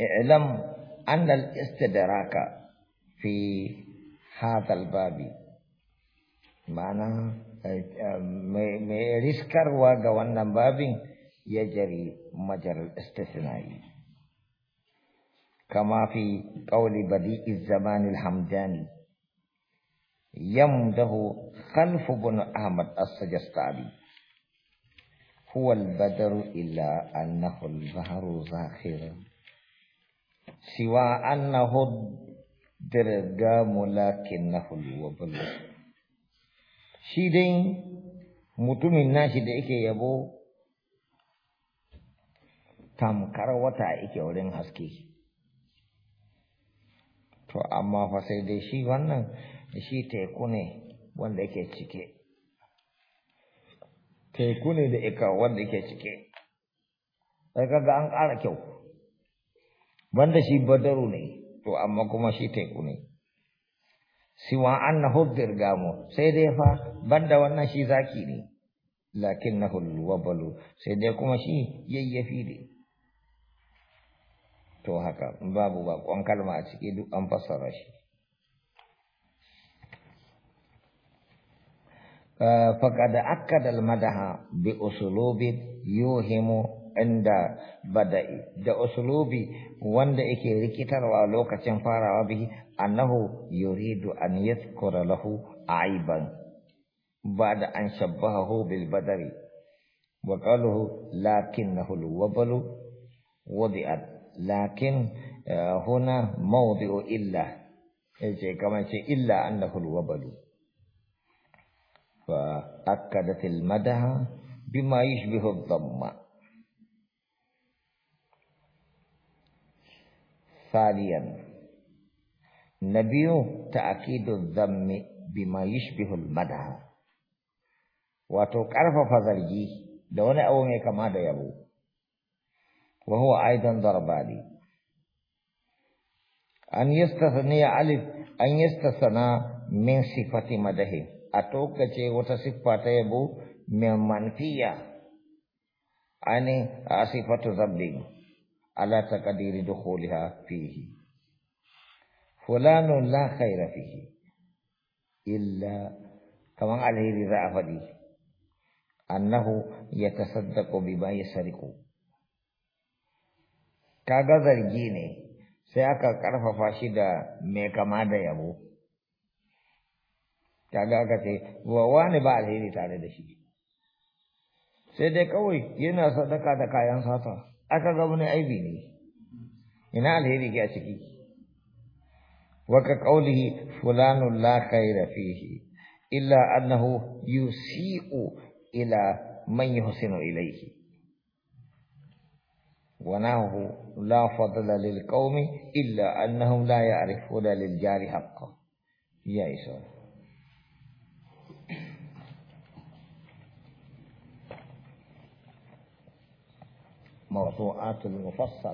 اعلم أن الاستدراك في هذا الباب معنى ريسكر وغوانا باب يجري مجرى الاستثناء كما في قول بديء الزمان الحمداني يمده خلف بن أحمد السجستاني هو البدر إلا أنه البحر زاخر siwa annahu dirgamu lakinnahu alwabl shi dai mutumin nashi da yake yabo tamkar wata yake wurin haske to amma fa sai dai shi wannan shi teku ne wanda yake cike teku ne da ika wanda yake cike sai kaga an ƙara kyau banda shi badaru ne to amma kuma shi teku ne siwa hudir gamu sai dai fa banda wannan shi zaki ne lakinnahu alwabalu sai dai kuma shi yayyafi ne to haka babu ba kon kalma a ciki duk an fassara shi فقد أكد المدح بأسلوب يوهم inda bada'i da usulubi wanda yake rikitarwa lokacin farawa bihi annahu yuridu an yadhkura lahu aiban ba'da an shabbahahu bil badari wa qalahu lakinnahu al-wabalu wadi'at lakin huna mawdi'u illa yace kamar ce illa annahu al-wabalu fa akkadat al-madaha bima yushbihu ad-damma ثانيا نبيو تأكيد الذم بما يشبه المدح وتقرف فزرجي دون أومي كما يبو وهو أيضا ضرباني أن يستثني ألف أن يستثنى من صفة أتوك جي وتصفة يبو من منفية عن صفة ذنبه ala takadiri dukhuliha fihi fulanun la khaira fihi illa kama alayhi ridafadi annahu yatasaddaqu bima yasriku kaga zargi ne sai aka karfafa shi da me kama da yabo kaga aka ce wa wani ba alheri tare da shi sai dai kawai yana sadaka da kayan sata aka ga wani aibi ne ina alheri ke a ciki wa ka qawlihi fulanu la khaira fihi illa annahu yusi'u ila man yuhsinu ilayhi wa nahu la fadla lil qaumi illa annahum la ya'rifuna lil jari haqqan ya isa موضوعات المفصل